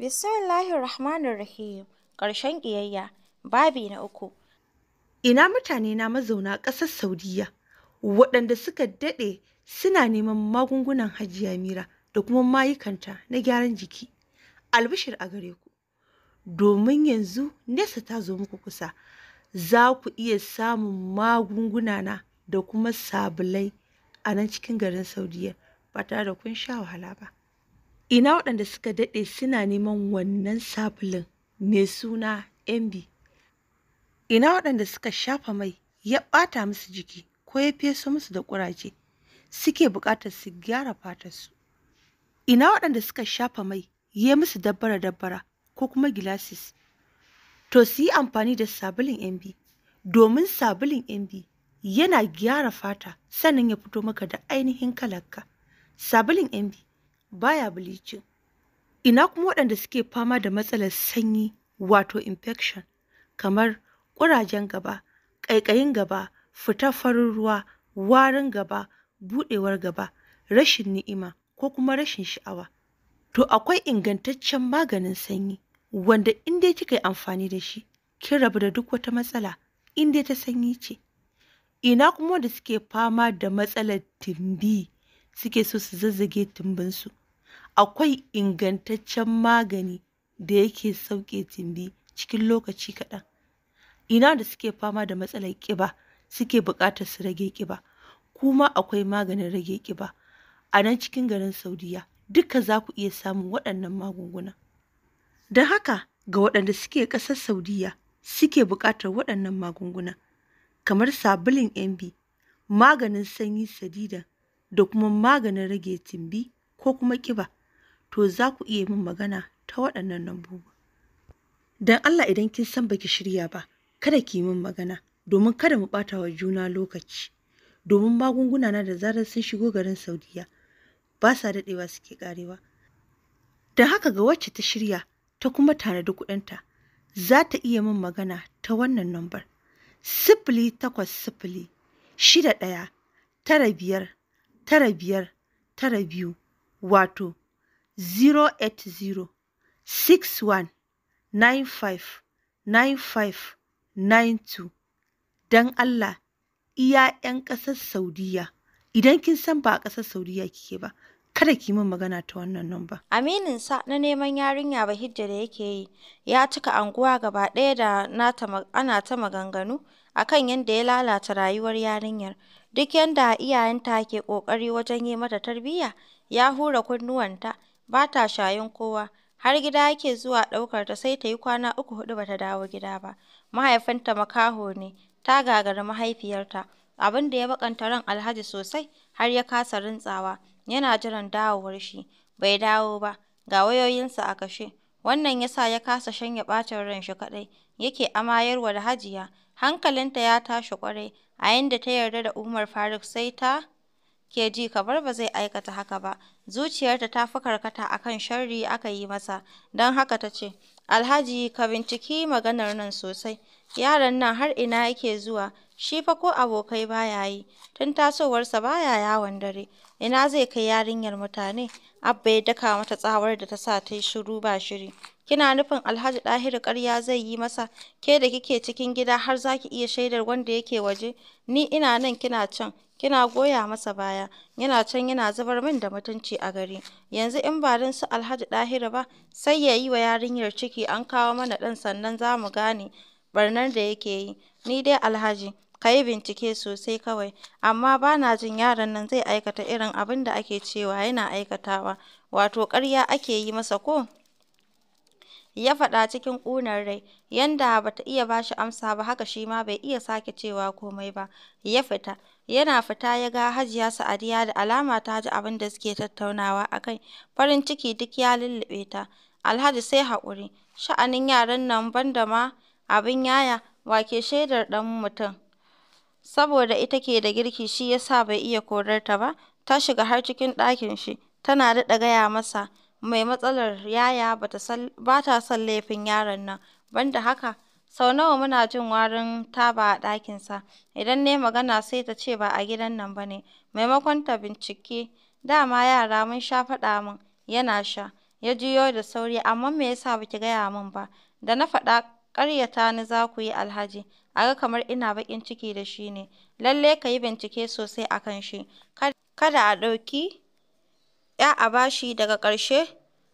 Bismillahir Rahmanir Rahim. Ƙarshen ƙiyayya. Babi na uku. Ina mutane na mazauna ƙasar Saudiya waɗanda suka daɗe suna neman magungunan hajiya mira da kuma mayukanta na gyaran jiki. Albishir a gare ku. Domin yanzu nesa ta zo muku kusa. Za ku iya samun magunguna na da kuma sabulai a nan cikin garin Saudiya ba tare da kun sha wahala ba. Ina waɗanda suka daɗe suna neman wannan sabulun mai suna Emgyl? Ina waɗanda suka shafa mai ya ɓata musu jiki ko ya feso musu da ƙuraje suke buƙatar su gyara fatarsu? Ina waɗanda suka shafa mai ya musu dabbara-dabbara ko kuma gilasis? To su yi amfani da sabulun Emgyl domin sabulun Emgyl yana gyara fata sannan ya fito maka da ainihin kalakka, Sabulun bi. baya bleaching ina kuma waɗanda suke fama da matsalar sanyi wato infection kamar ƙurajen gaba ƙaiƙayin gaba fitar farin ruwa warin gaba buɗewar gaba rashin ni'ima ko kuma rashin sha'awa to akwai ingantaccen maganin sanyi wanda in dai kika yi amfani da shi kin rabu da duk wata matsala in dai ta sanyi ce ina kuma da suke fama da matsalar timbi suke so su zazzage timbinsu? akwai ingantaccen magani da yake sauƙe tumbi cikin lokaci kaɗan. Ina da suke fama da matsalar ƙiba suke buƙatar su rage ƙiba, kuma akwai maganin rage ƙiba a nan cikin garin Saudiyya. Duka za ku iya samun waɗannan magunguna. Da haka ga waɗanda suke ƙasar Saudiyya suke buƙatar waɗannan magunguna kamar sabulin MB, maganin sanyi sadida da kuma maganin rage tumbi ko kuma ƙiba. to za ku iya min magana ta waɗannan lambobin. Don Allah idan kin san baki shirya ba, kada ki yi min magana domin kada mu ɓata wa juna lokaci. Domin magunguna na da zarar sun shigo garin Saudiya ba sa daɗewa suke ƙarewa. Don haka ga wacce ta shirya ta kuma tanadi kuɗinta, za ta iya min magana ta wannan lambar. Sifili takwas sifili shida ɗaya tara biyar tara biyar tara biyu wato 08061959592 don Allah iya 'yan ƙasar Saudiyya, idan kin san ba a ƙasar Saudiyya kike ba, kada ki min magana ta wannan namba. Aminin sa na neman yarinya ba hijja da yake yi ya cika anguwa gaba ɗaya da nata ana ta maganganu akan yadda ya lalata rayuwar yarinyar. Duk yadda iyayenta ke ƙoƙari wajen yi mata tarbiyya ya hura kunnuwanta ba ta shayin kowa, har gida yake zuwa ɗaukar ta sai ta yi kwana uku huɗu ba ta dawo gida ba. Mahaifinta makaho ne, ta gagari mahaifiyarta, abin da ya baƙanta ran Alhaji sosai har ya kasa rintsawa, yana jiran dawowar shi, bai dawo ba, ga wayoyinsa a kashe. Wannan ya sa ya kasa shanye ɓacin ran shi kaɗai, yake amayarwa da Hajiya. Hankalinta ya tashi ƙwarai, a yanda ta yarda da Umar Faruk sai ta ke ji kamar ba zai aikata haka ba zuciyarta ta fi karkata akan sharri aka yi masa don haka ta ce alhaji ka binciki maganar nan sosai yaron nan har ina yake zuwa shi fa ko abokai baya yi tun tasowarsa baya yawon dare ina zai kai yarinyar mutane abba ya daka mata tsawar da ta sa ta yi shiru ba shiri kina nufin alhaji ɗahiru ƙarya zai yi masa ke da kike cikin gida har za ki iya shaidar wanda yake waje ni ina nan kina can kina goya masa baya yana can yana zubar min da mutunci a gari yanzu in ba don su Alhaji Ɗahiru ba sai ya yi wa yarinyar ciki an kawo mana ɗan sannan za mu gane barnar da yake yi ni dai Alhaji ka yi bincike sosai kawai amma ba na jin yaron nan zai aikata irin abin da ake cewa yana aikatawa wato ƙarya ake yi masa ko ya faɗa cikin ƙunar rai, yanda ba ta iya ba shi amsa ba haka shi ma bai iya sake cewa komai ba, ya fita. Yana fita ya ga Hajiya Sa'adiya da alama ta ji abin da suke tattaunawa a kai, farin ciki duk ya lullube ta. Alhaji sai haƙuri, sha'anin yaran nan ban da ma abin yaya, wa ke shaidar ɗan mutum? Saboda ita ke da girki shi ya sa bai iya korar ta ba, ta shiga har cikin ɗakin shi, tana daɗa gaya masa mai matsalar yaya ba ta son laifin yaron nan, ban da haka, sau nawa muna jin warin taba a ɗakinsa, idan ne magana sai ta ce ba a gidan nan ba ne, maimakon ta bincike, Dama yara mun sha faɗa min, yana sha. Ya juyo da sauri, amma me yasa baki gaya min ba? Da na faɗa ƙaryata ni za ku yi Alhaji, a kamar ina bakin ciki da shi ne, lallai ka yi bincike sosai a kan shi, kada a ɗauki Ya a bashi, daga ƙarshe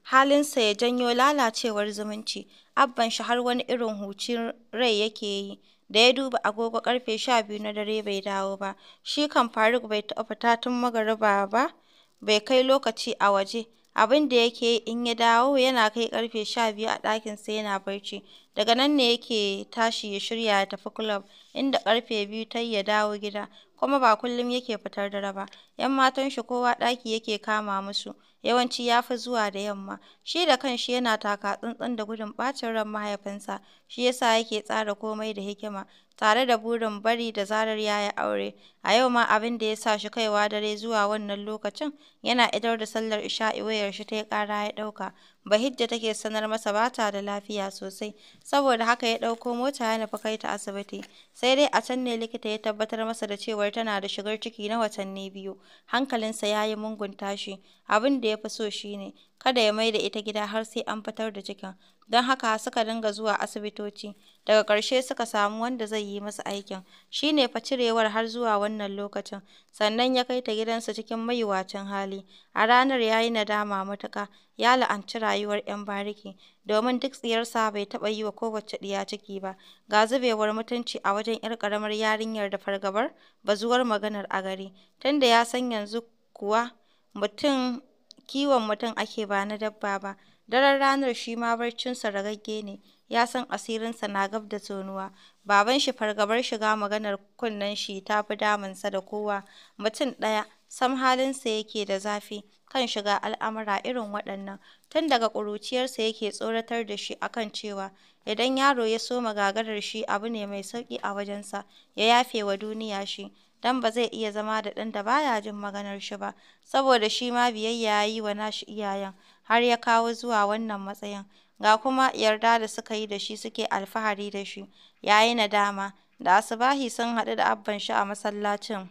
halinsa ya janyo lalacewar zumunci. Abban shi har wani irin hucin rai yake yi, da ya duba agogo ƙarfe 12 na dare bai dawo ba. Shi kan Faruk bai taɓa fita tun magariba ba, bai kai lokaci a waje. Abin da yake yi in ya dawo yana kai ƙarfe 12 a ɗakinsa yana barci. Daga nan ne yake tashi ya shirya ya tafi kulob, inda karfe biyu ta ya dawo gida. kuma ba kullum yake fitar dare ba, ‘yan matan shi kowa ɗaki yake kama musu, yawanci ya fi zuwa da yamma, shi da kanshi yana taka-tsantsan da gudun ɓacin ran mahaifinsa, shi ya sa yake tsara komai da hikima, tare da burin bari da zarar ya yi aure, a yau ma abin da ya sa shi kaiwa dare zuwa wannan lokacin yana idar da sallar isha'i shi ta ya kara ya ɗauka, Bahijja take sanar masa bata da lafiya sosai, saboda haka ya ɗauko mota ya nufi kai ta asibiti, sai dai a can ne likita ya tabbatar masa da cewar tana da shigar ciki na watanni biyu, hankalinsa ya yi mungun tashi, abin da ya fi so shine. kada ya mai da ita gida har sai an fitar da cikin, don haka suka dinga zuwa asibitoci, daga ƙarshe suka samu wanda zai yi masa aikin, shi ne fa cirewar har zuwa wannan lokacin, sannan ya kai ta gidansu cikin mayuwacin hali, a ranar ya yi nadama matuka. ya la'anci rayuwar 'yan bariki, domin duk tsiyarsa bai taɓa yi wa kowace ɗiya ciki ba, ga zubewar mutunci a wajen 'yar ƙaramar yarinyar da fargabar bazuwar maganar a gari, tunda ya san yanzu kuwa mutum kiwon mutum ake ba na dabba ba. Daren ranar shi ma barcinsa ragagge ne, ya san asirinsa na gab da tonuwa. Baban shi fargabar shiga maganar kunnen shi ta fi damunsa da kowa. Mutum ɗaya sam halinsa yake da zafi kan shiga al'amura irin waɗannan. Tun daga ƙuruciyarsa yake tsoratar da shi akan cewa idan yaro ya soma gagarar shi abu ne mai sauki a wajen sa ya yafe wa duniya shi. dan ba zai iya zama da ɗan da baya jin maganar shi ba saboda shi ma biyayya yi wa nashi iyayen har ya kawo zuwa wannan matsayin, ga kuma yarda da suka yi da shi suke alfahari da shi. Ya yi nadama, da asubahi sun haɗu da abban shi a masallacin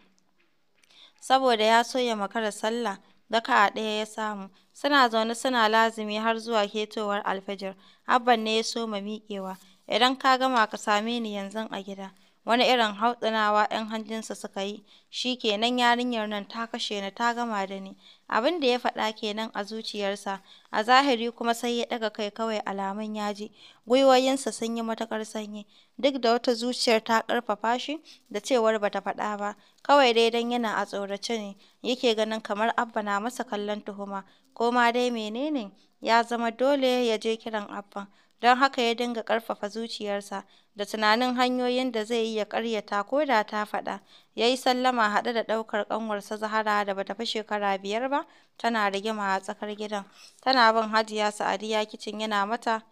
saboda ya so ya makara sallah, daka a ɗaya ya samu. Suna zaune suna lazumi har zuwa ketowar alfijir, abban ne ya soma miƙewa, idan ka gama ka same ni yanzu a gida. wani irin hautsinawa ‘yan hanjinsa suka yi, shi kenan yarinyar nan ta kashe ni ta gama da ni, abin da ya faɗa kenan a zuciyarsa, a zahiri kuma sai ya ɗaga kai kawai alamun yaji. ji, gwiwoyinsa sun yi matuƙar sanyi, duk da wata zuciyar ta ƙarfafa shi da cewar bata faɗa ba, kawai dai don yana a tsorace ne, yake ganin kamar Abba na masa kallon tuhuma, ko ma dai menene, ya zama dole ya je kiran Abban. don haka ya dinga ƙarfafa zuciyarsa da tunanin hanyoyin da zai yi ya ƙaryata ko da ta faɗa. Ya yi sallama haɗe da ɗaukar ƙanwarsa Zahara da bata fi shekara biyar ba, tana rigima a tsakar gidan. Tana bin Hajiya Sa'adiya kicin yana mata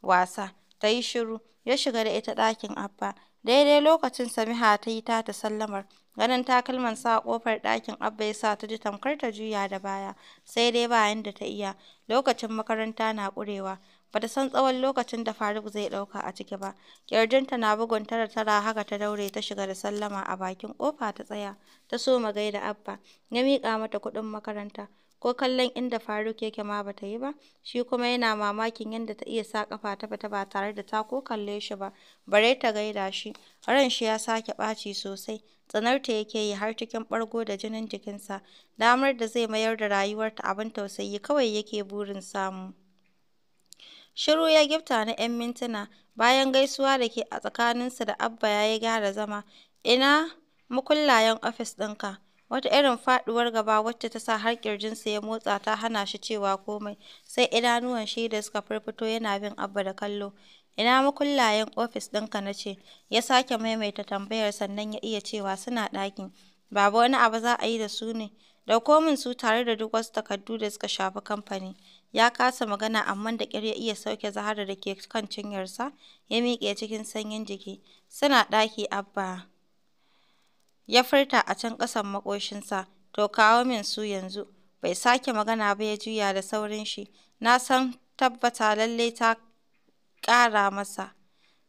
wasa, ta yi shiru, ya shiga da ita ɗakin Abba. Daidai lokacin Samiha ta yi tata sallamar, ganin takalman sa kofar ɗakin Abba ya sa ta ji tamkar ta juya da baya, sai dai ba yanda ta iya, lokacin makaranta na ƙurewa. Ba ta san tsawon lokacin da Faruk zai ɗauka a ciki ba. Ƙirjinta na bugun tara tara haka ta daure ta shiga da sallama a bakin kofa ta tsaya. Ta so gaida Abba. Ya miƙa mata kuɗin makaranta. Ko kallon inda Faruk yake ma bata yi ba. Shi kuma yana mamakin yadda ta iya sa kafa ta fita ba tare da ta ko kalle shi ba. Bare ta gaida shi. Ran shi ya sake ɓaci sosai. tsanarta yake yi har cikin ɓargo da jinin jikinsa, damar da zai mayar da rayuwarta abin tausayi kawai yake burin samu. Shiru ya gifta na 'yan mintuna, bayan gaisuwa da ke a tsakaninsa da Abba ya yi gyara zama. "Ina mukullayen ofis ɗinka?" Wata irin faɗuwar gaba wacce ta sa har ƙirjinsa ya motsa ta hana shi cewa komai, sai idanuwan shi da suka firfito yana bin Abba da kallo. "Ina mukullayen ofis ɗinka na ce?" ya sake maimaita tambayar sannan ya iya cewa suna ɗakin. babu wani abu za a yi da su ne?" da komin su tare da duk wasu takardu da suka shafi kamfani Ya kasa magana amma da ƙyar ya iya sauke zahara da ke kan cinyarsa, ya miƙe cikin sanyin jiki. Suna ɗaki Abba. Ya furta a can ƙasan maƙoshinsa, to kawo min su yanzu. Bai sake magana ba ya juya da saurin shi. Na san tabbata lalle ta ƙara masa.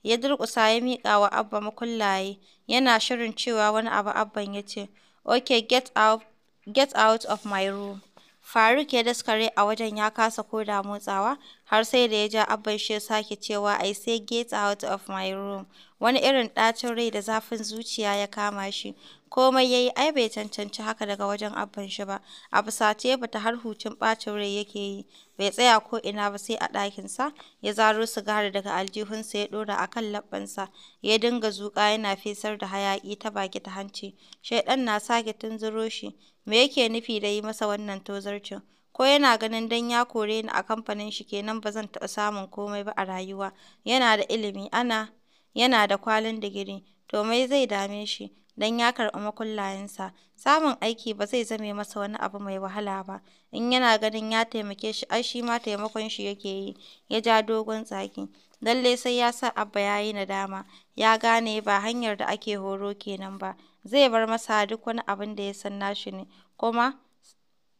Ya durƙusa ya miƙa wa Abba makullaye, yana shirin cewa wani abu Abban ya ce, Okay, get out Get out of my room! Faruk ya daskare a wajen ya kasa koda motsawa. har sai da ya ja Abban shi ya sake cewa "I say get out of my room." Wani irin ɗacin rai da zafin zuciya ya kama shi. Komai ya yi ai bai cancanci haka daga wajen Abban shi ba. A fusace ya fita har hutun ɓacin rai yake yi. Bai tsaya ko ina ba sai a ɗakinsa. Ya zaro sigari daga aljihunsa ya ɗora a kan leɓɓansa. Ya dinga zuƙa yana fesar da hayaƙi ta baki ta hanci. Shaiɗan na sake tunzuro shi. Me yake nufi da yi masa wannan tozarcin? ko yana ganin dan ya kore ni a kamfanin shi kenan ba zan taɓa samun komai ba a rayuwa, yana da ilimi, ana yana da kwalin digiri, to me zai dame shi dan ya karɓi makullayensa, samun aiki ba zai zame masa wani abu mai wahala ba, in yana ganin ya taimake shi ai shi ma taimakon shi yake yi, ya ja dogon tsaki, lalle sai ya sa Abba ya yi nadama, ya gane ba hanyar da ake horo kenan ba, zai bar masa duk wani abin da ya san nashi ne, kuma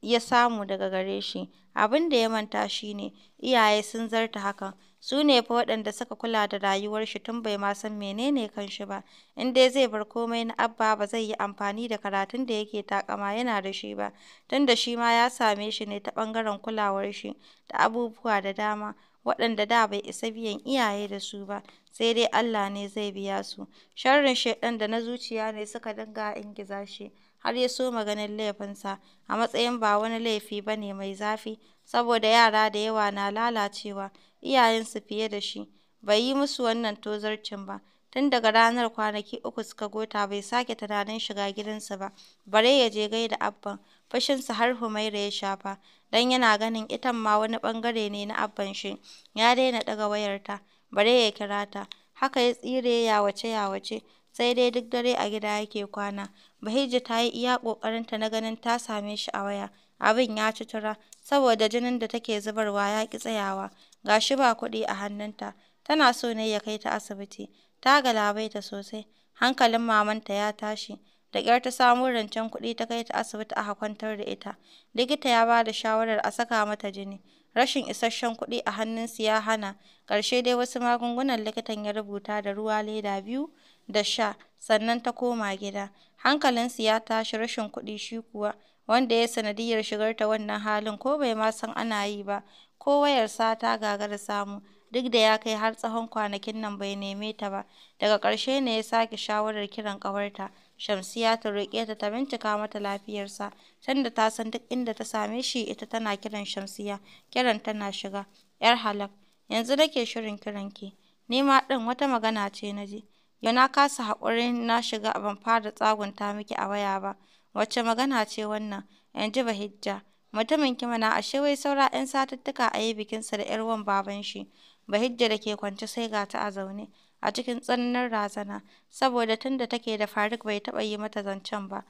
ya samu daga gare shi, abin da ya manta shi ne, iyaye sun zarta hakan, su ne fa waɗanda suka kula da rayuwar shi tun bai ma san menene shi ba, in dai zai bar komai na Abba ba zai yi amfani da karatun da yake takama yana da shi ba, tunda shi ma ya same shi ne ta ɓangaren kulawar shi da abubuwa da dama. waɗanda da bai isa biyan iyaye da su ba, sai dai Allah ne zai biya su. Sharrin shaiɗan da na zuciya ne suka dinga ingiza shi. har ya so maganin laifinsa a matsayin ba wani laifi ba ne mai zafi, saboda yara da yawa na lalacewa iyayensu fiye da shi. Bai yi musu wannan tozarcin ba. Tun daga ranar kwanaki uku suka gota bai sake tunanin shiga gidansu ba, bare ya je gaida Abban, fushinsa har Humaira ya shafa, dan yana ganin itan ma wani ɓangare ne na Abban shi, ya daina ɗaga wayarta, bare ya kira ta, haka ya tsire yawace-yawace sai dai duk dare a gida yake kwana. bahija ta yi iya ƙoƙarinta na ganin ta same shi a waya, abin ya ci tura, saboda jinin da take zubarwa ya ki tsayawa, ga shi ba kuɗi a hannunta, tana so ne ya kai ta asibiti, ta ta sosai, hankalin mamanta ya tashi. da ƙyar ta samo rancen kuɗi ta kai ta asibiti aka kwantar da ita. Likita ya ba da shawarar a saka mata jini. Rashin isasshen kuɗi a hannunsu ya hana, ƙarshe dai wasu magungunan likitan ya rubuta da ruwa leda biyu da sha sannan ta koma gida. Hankalinsu ya tashi, rashin kuɗi shi kuwa, wanda ya yi shigar ta wannan halin ko bai ma san ana yi ba, ko wayar sa ta gagara samu, duk da ya kai har tsahon kwanakin nan bai neme ta ba. Daga ƙarshe ne ya sake shawarar kiran ƙawarta, Shamsiyya ta roƙe ta ta bincika mata lafiyarsa, tunda ta san duk inda ta same shi ita tana kiran Shamsiyya, kiran tana shiga. 'Yar halak, yanzu nake shirin kiranki, ni ma ɗin wata magana ce na ji. Yau na kasa haƙurin na shiga ban fara tsagunta miki a waya ba, wacce magana ce wannan, ba Bahijja, mutumin kima na ashe wai saura 'yan satuttuka a yi sa da 'yar baban shi, Bahijja da ke kwance sai ga ta a zaune, a cikin tsananin razana, saboda tunda take da Faruk bai taɓa yi mata zancen ba,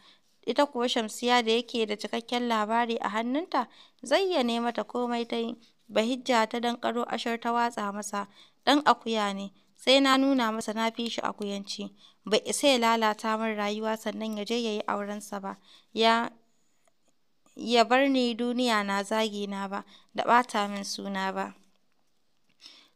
ita kuwa shamsiya da yake da cikakken labari a hannunta, zayyane mata komai ta yi, Bahijja ta danƙaro ashar ta watsa masa, ɗan akuya ne sai na nuna masa na fi shi akuyanci bai isa ya lalata min rayuwa sannan ya je ya yi aurensa ba ya ya bar ni duniya na zagi na ba da ɓata min suna ba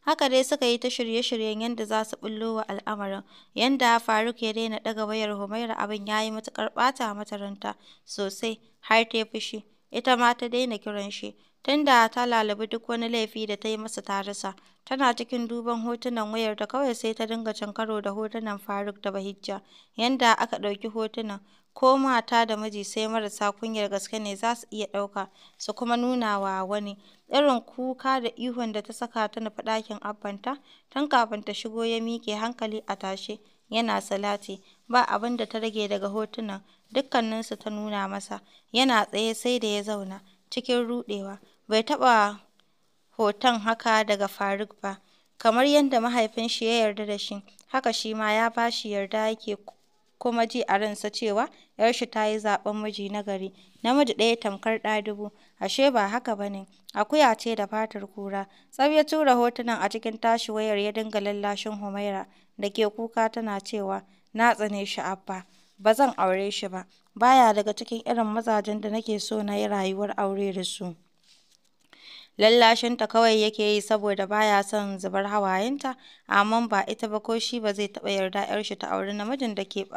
haka dai suka yi ta shirye-shiryen yadda za su bullo wa al'amarin yadda faruk ya daina ɗaga wayar humaira abin ya yi matuƙar ɓata mata ranta sosai har ta fushi ita ma ta daina kiran shi tun da ta lalubi duk wani laifi da ta yi masa ta rasa. Tana cikin duban hotunan wayarta kawai sai ta dinga cin karo da hotunan Faruk da Bahijja, yanda aka ɗauki hotunan. Ko mata da miji sai marasa kunyar gaske ne za su iya ɗauka, su kuma nuna wa wani. Irin kuka da ihun da ta saka ta nufi ɗakin abbanta, tun kafin ta shigo ya miƙe hankali a tashe, yana salati. Ba abin da ta rage daga hotunan, dukkaninsu ta nuna masa. Yana tsaye sai da ya zauna, cikin ruɗewa. bai taɓa hoton haka daga Faruk ba, kamar yadda mahaifinshi ya yarda da shi, haka shi ma ya ba shi yarda yake kuma ji a ransa cewa ‘yarshi ta yi zaɓen miji na gari, namiji ɗaya tamkar ɗa dubu, ashe ba haka ba ne, akuya ce da fatar kura. Tsaf ya tura hotunan a cikin tashi wayar ya dinga lallashin Humaira da ke kuka tana cewa, na tsane shi Abba, ba zan aure shi ba, baya daga cikin irin mazajen da nake so na yi rayuwar aure da su. Lallashinta kawai yake yi saboda ba ya son zubar hawayenta, amma ba ita ba ko shi ba zai taɓa yarda 'yar shi ta auri namijin da ke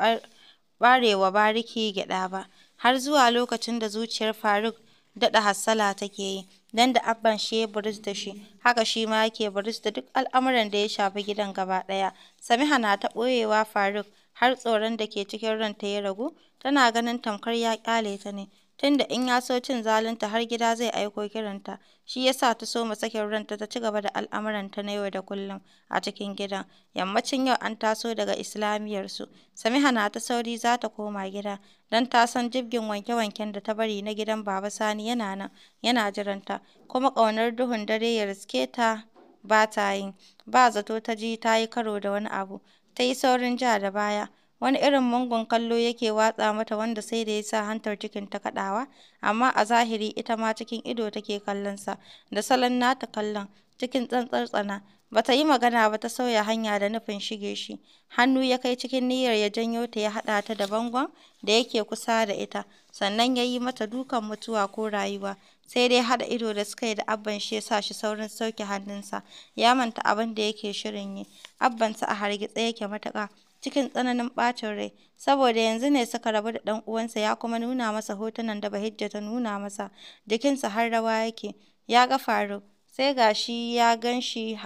barewa bariki gyaɗa ba, har zuwa lokacin da zuciyar Faruk daɗa hassala take yi, don da Abban shi ya buris da shi, haka shi ma yake buris da duk al'amuran da ya shafi gidan gaba ɗaya. Samiha na ta ɓoyewa Faruk, har tsoron da ke cikin ranta ya ragu, tana ganin tamkar ya ƙyale ta ne. tunda in ya so cin zalunta har gida zai aiko kiranta, shi ya sa ta soma masakin ranta ta ci gaba da al'amuranta na yau da kullum a cikin gidan. Yammacin yau an taso daga su Samiha na ta sauri za ta koma gida, don ta san jibgin wanke-wanken da ta bari na gidan Baba Sani yana nan, yana jiranta, kuma ƙaunar duhun dare ya riske ta ba ta yi, ba zato ta ji ta yi karo da wani abu, ta yi saurin ja da baya. wani irin mungun kallo yake watsa mata wanda sai da ya sa hantar cikin ta kaɗawa, amma a zahiri ita ma cikin ido take kallon sa da salon nata kallon, cikin tsantsar tsana. Ba ta yi magana ba ta sauya hanya da nufin shige shi, hannu ya kai cikin niyyar ya janyo ta ya haɗa ta da bangon da yake kusa da ita, sannan ya yi mata dukan mutuwa ko rayuwa, sai dai haɗa ido da suka yi da abban shi ya sa shi saurin sauke hannunsa, ya manta abin da yake shirin yi, abbansa a hargitse yake matuƙa. cikin tsananin ɓacin rai saboda yanzu ne suka rabu da ɗan uwansa ya kuma nuna masa hotunan da Bahijja ta nuna masa jikinsa har rawa yake ya ga Faruk sai ga ya gan shi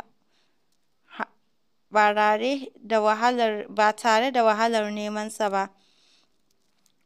ba tare da wahalar nemansa ba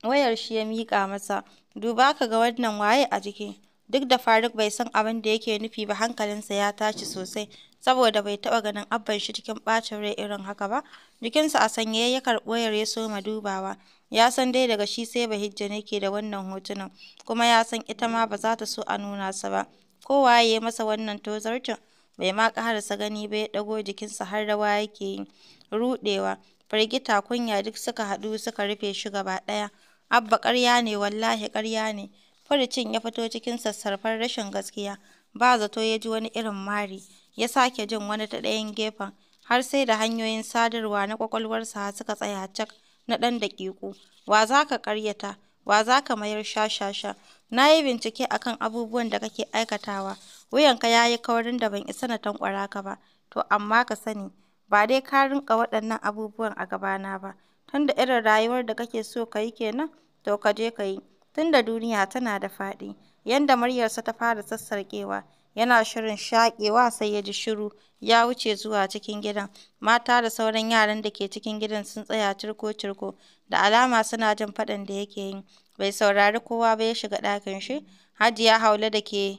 wayar shi ya miƙa masa duba ka ga wannan waye a jiki duk da Faruk bai san abin da yake nufi ba hankalinsa ya tashi sosai saboda bai taɓa ganin abban shi cikin ɓacin rai irin haka ba. Jikinsa a sanye ya karɓo ya ya ma dubawa. Ya san dai daga shi sai Bahijja ne ke da wannan hotunan, kuma ya san ita ma ba za ta so a nuna sa ba. Kowa ya yi masa wannan tozarcin, bai ma ƙarasa gani ba ya ɗago jikinsa har rawa yake yi. Ruɗewa, firgita, kunya duk suka haɗu suka rufe shi gaba ɗaya. Abba ƙarya ne wallahi ƙarya ne. furicin ya fito cikin sassarfar rashin gaskiya, ba zato ya ji wani irin mari. ya sake jin wani ta ɗayan gefen, har sai da hanyoyin sadarwa na ƙwaƙwalwarsa suka tsaya cak na ɗan daƙiƙu. Wa za ka ƙaryata? Wa za ka mayar shashasha sha Na yi bincike a kan abubuwan da kake aikatawa, wuyanka ya yi kaurin da ban isa na tankwara ka ba, to amma ka sani, ba dai ka rinka waɗannan abubuwan a gabana ba, tunda irin rayuwar da kake so ka yi kenan, to ka je ka yi, tunda duniya tana da faɗi. Yadda muryarsa ta fara sassarƙewa, Yana shirin shaƙewa sai ya ji shiru ya wuce zuwa cikin gidan. Mata da sauran yaran da ke cikin gidan sun tsaya turko-turko da alama suna jin faɗin da yake yi. Bai saurari kowa ba ya shiga ɗakin shi. Hajiya haula da ke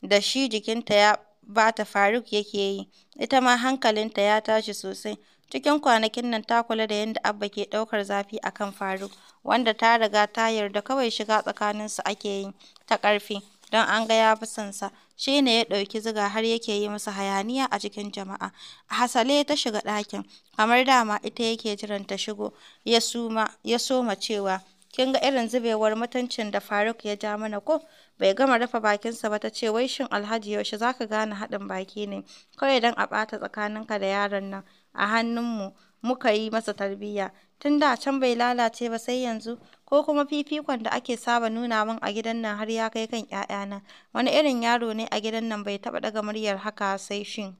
da shi jikinta ya bata Faruk yake yi, ita ma hankalinta ya tashi sosai. Cikin kwanakin nan ta kula da yadda Abba ke ɗaukar zafi a kan Faruk, wanda ta riga ta yarda kawai shiga tsakaninsu ake yi ta ƙarfi, don an ga ya fi son shi ne ya ɗauki ziga har yake yi masa hayaniya a cikin jama'a. A hasale ta shiga ɗakin, kamar dama ita yake jiran ta shigo, ya soma cewa, kin ga irin zubewar mutuncin da Faruk ya ja mana ko? Bai gama rufe bakinsa ba ta ce wai shin Alhaji yaushe za ka gane haɗin baki ne, kawai don a ɓata tsakaninka da yaron nan a hannunmu muka yi masa tarbiyya, tun da can bai lalace ba sai yanzu, ko kuma fifikon da ake saba nuna min a gidan nan har ya kai kan 'ya'yana, wani irin yaro ne a gidan nan bai taɓa ɗaga muryar haka sai shin.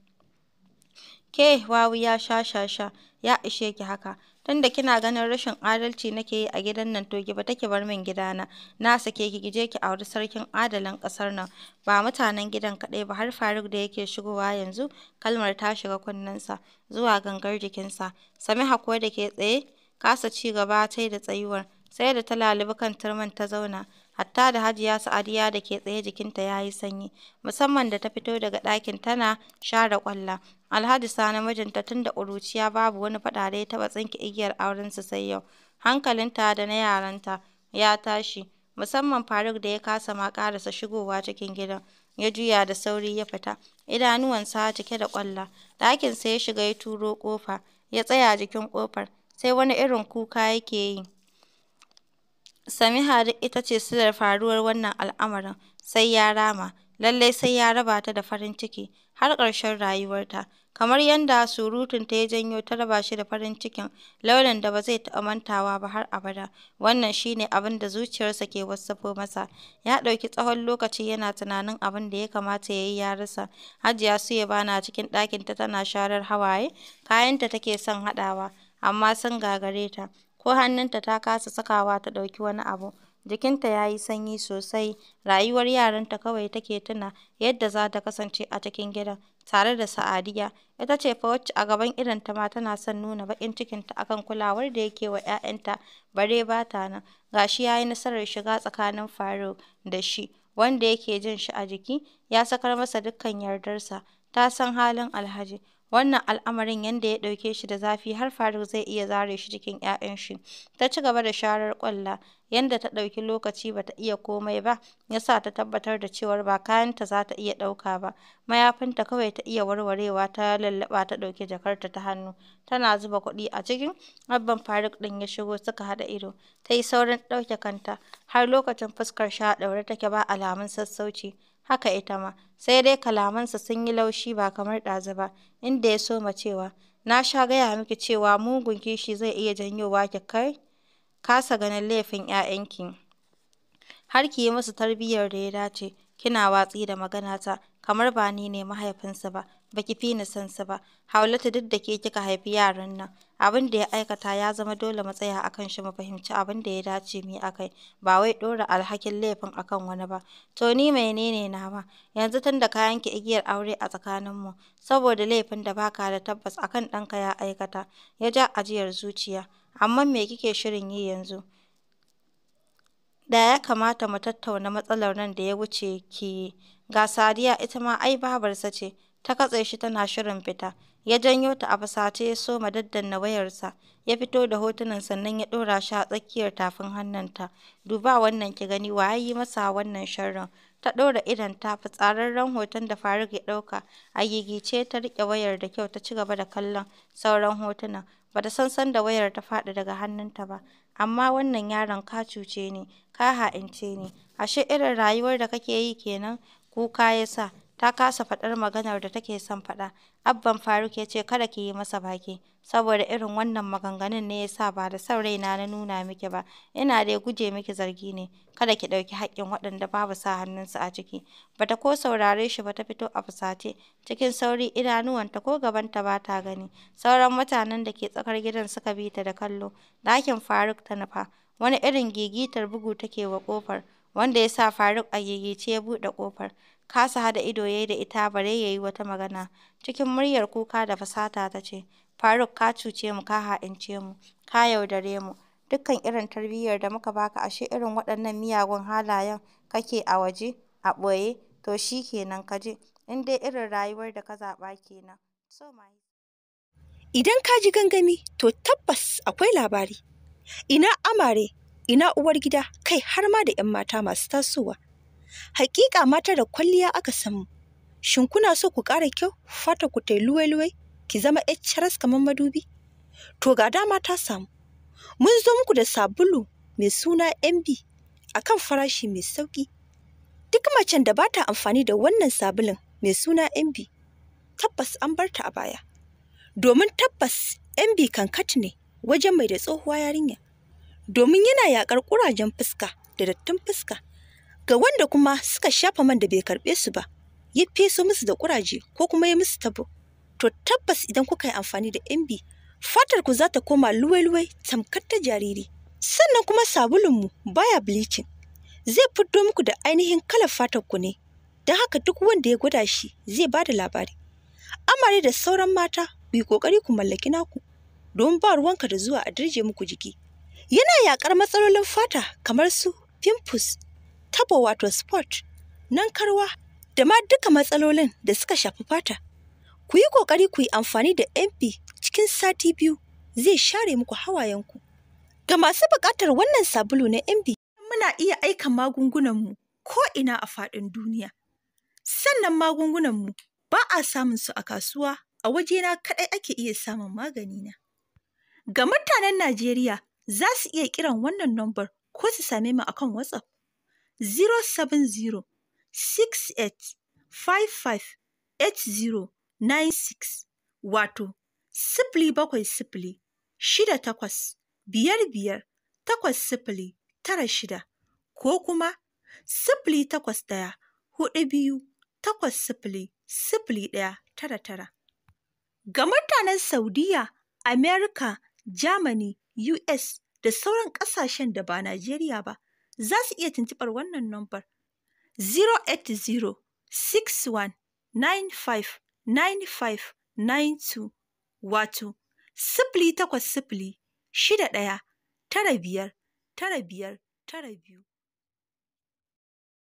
Ke wawu ya sha-sha-sha, ya ishe ki haka, da kina ganin rashin adalci nake yi a gidan nan to ki ba take bar min gidana, na sake ki ki je ki auri sarkin adalin ƙasar nan, ba mutanen gidan kaɗai ba har Faruk da yake shigowa yanzu, kalmar ta shiga kunnensa, zuwa gangar jikinsa, Samiha ko da ke tsaye Kasa ci gaba ta da tsayuwar, sai da ta lalubi kan turmin ta zauna, hatta da Hajiya Sa'adiya da ke tsaye jikinta ya yi sanyi, musamman da ta fito daga ɗakin tana share ƙwalla. Alhaji Sani mijinta tun da ƙuruciya babu wani faɗa da ya taɓa tsinke igiyar auren su sai yau. Hankalinta da na yaranta ya tashi, musamman Faruk da ya kasa ma ƙarasa shigowa cikin gidan. Ya juya da sauri ya fita, idanuwansa cike da ƙwalla. Ɗakinsa ya shiga ya turo ƙofa, ya tsaya jikin ƙofar. sai wani irin kuka yake yi. Samiha duk ita ce silar faruwar wannan al'amarin, sai ya rama, lallai sai ya raba ta da farin ciki har ƙarshen rayuwarta, kamar yadda surutunta ya janyo ta raba shi da farin cikin launin da ba zai taɓa mantawa ba har abada. Wannan shi ne abin da zuciyarsa ke wasafo masa. Ya ɗauki tsawon lokaci yana tunanin abin da ya kamata ya yi ya rasa. Hajiya Suyeba na cikin ɗakinta tana sharar hawaye, kayanta take son haɗawa. amma sun gagare ta, ko hannunta ta kasa sakawa ta ɗauki wani abu. Jikinta ya yi sanyi sosai, rayuwar yaranta kawai take tuna yadda za ta kasance a cikin gidan, tare da Sa'adiya, ita ce fa wacce a gaban ta ma tana son nuna baƙin cikinta a kan kulawar da yake wa 'ya'yanta, bare ba ta nan, ga shi ya yi nasarar shiga tsakanin faro da shi, wanda yake jin shi a jiki, ya sakar masa dukkan yardarsa, ta san halin Alhaji. Wannan al'amarin yadda ya ɗauke shi da zafi har Faruk zai iya zare shi cikin 'ya'yan shi. Ta ci gaba da sharar ƙwalla, Yadda ta ɗauki lokaci ba ta iya komai ba, ya sa ta tabbatar da cewar ba kayanta za ta iya ɗauka ba. Mayafinta kawai ta iya warwarewa ta lallaɓa ta ɗauki jakarta ta hannu, tana zuba kuɗi a cikin. Abban Faruk ɗin ya shigo suka haɗa ido, ta yi saurin ɗauke kanta, har lokacin fuskar sha ɗaure take ba alamun sassauci. haka ita ma, sai dai kalamansa sun yi laushi ba kamar ɗazu ba, inda ya soma cewa, na sha gaya miki cewa mugun kishi zai iya janyowa ki kai kasa ganin laifin 'ya'yanki, har ki yi musu tarbiyyar da ya dace, kina watsi da magana ta kamar ba ni ne mahaifinsu ba, baki ki fi ni ba, haulatu duk da ke kika haifi yaran nan, abin da ya aikata ya zama dole mu tsaya a shi mu fahimci abin da ya dace mu yi a kai ba wai ɗora alhakin laifin akan wani ba to ni menene ba yanzu tun da ka yanke igiyar aure a tsakaninmu saboda laifin da baka da tabbas akan ɗanka ya aikata ya ja ajiyar zuciya amma me kike shirin yi yanzu da ya kamata mu tattauna matsalar nan da ya wuce ki ga Sadiya ita ma ai babarsa ce ta katse shi tana shirin fita Ya janyo ta a fasace ya soma daddanna wayarsa, ya fito da hotunan sannan ya ɗora shi a tsakiyar tafin hannunta. Duba wannan ki gani wa yi masa wannan sharrin. Ta ɗora idon ta fitsararren hoton da Faruk ya ɗauka. A gigice ta riƙe wayar da kyau ta ci gaba da kallon sauran hotunan. ta san sanda wayar ta faɗi daga hannunta ba. Amma wannan yaron ka cuce ni, ka ha'ince ni, ashe irin rayuwar da kake yi kenan, kuka ya sa. ta kasa faɗar maganar da take son faɗa. Abban Faruk ya ce kada ki yi masa baki, saboda irin wannan maganganun ne ya sa ba da son raina na nuna miki ba, ina dai guje miki zargi ne, kada ki ɗauki haƙƙin waɗanda babu sa hannunsu a ciki. Bata ko saurare shi ba ta fito a fusace, cikin sauri idanuwanta ko gabanta ba ta gani. Sauran mutanen da ke tsakar gidan suka bi ta da kallo, ɗakin Faruk ta nufa, wani irin gigitar bugu take wa ƙofar, wanda ya sa Faruk a gigice ya buɗe ƙofar. Kasa hada ido yayi da ita bare yayi wata magana, cikin muryar kuka da fasata ta ce, Faruk ka cuce mu ka haɗince mu, ka yaudare mu, dukkan irin tarbiyyar da muka baka ashe irin waɗannan miyagun halayen kake a waje, a ɓoye, to shi kenan ka je, in dai irin rayuwar da ka zaɓa kenan. Idan ka ji gangami to tabbas akwai labari. Ina amare, ina uwar gida, kai har ma da 'yan mata masu tasowa. Hakika mata da kwalliya aka samu. Shin kuna so ku ƙara kyau, fata ku ta luwai-luwai, ki zama ‘yar caras kamar madubi? To ga dama ta samu. Mun zo muku da sabulu mai suna MB a kan farashi mai sauƙi. Duk macen da ba ta amfani da wannan sabulun mai suna MB, tabbas an bar ta a baya. Domin tabbas MB kankat ne wajen mai da tsohuwa yarinya. Domin yana yaƙar ƙurajen fuska da dattin fuska. Ga wanda kuma suka shafa man da bai karɓe su ba, ya feso musu da ƙuraje ko kuma ya musu tabo. To tabbas idan kuka yi amfani da MB, fatar ku za ta koma luwai-luwai tamkar ta jariri. Sannan kuma sabulunmu baya bleaching. Zai fito muku da ainihin kalar fatar ku ne. Don haka duk wanda ya gwada shi zai ba da labari. Amare da sauran mata, ku yi ƙoƙari ku mallaki naku. Don ba ruwanka da zuwa a dirje muku jiki. yana yaƙar matsalolin fata kamar su pimples tabo wato spot, nankarwa da ma duka matsalolin da suka shafi fata. Ku yi ƙoƙari ku yi amfani da MP cikin sati biyu zai share muku hawayenku. Ga masu buƙatar wannan sabulu na mp muna iya aika magungunanmu ko ina a faɗin duniya. Sannan magungunanmu ba a samun su a kasuwa, a wajena kaɗai ake iya samun magani na Ga mutanen Najeriya za su iya kiran wannan nombar ko su same mu akan WhatsApp. 070 68 55 96 wato, sifili bakwai sifili shida takwas biyar biyar takwas sifili tara shida ko kuma sifili takwas ɗaya huɗu biyu takwas sifili ɗaya tara tara. Ga mutanen Saudiya, Amerika, Germany, US da sauran ƙasashen da ba Najeriya ba, za su iya tuntuɓar wannan nombar 08061959592 wato sifili takwas sifili shida ɗaya tara biyar tara biyar tara biyu.